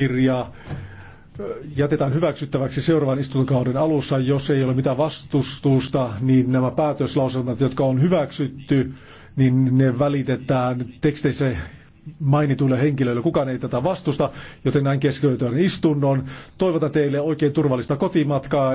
kirja jätetään hyväksyttäväksi seuraavan istuntokauden alussa. Jos ei ole mitään vastustusta, niin nämä päätöslauselmat, jotka on hyväksytty, niin ne välitetään teksteissä mainituille henkilöille. Kukaan ei tätä vastusta, joten näin keskeytetään istunnon. Toivotan teille oikein turvallista kotimatkaa.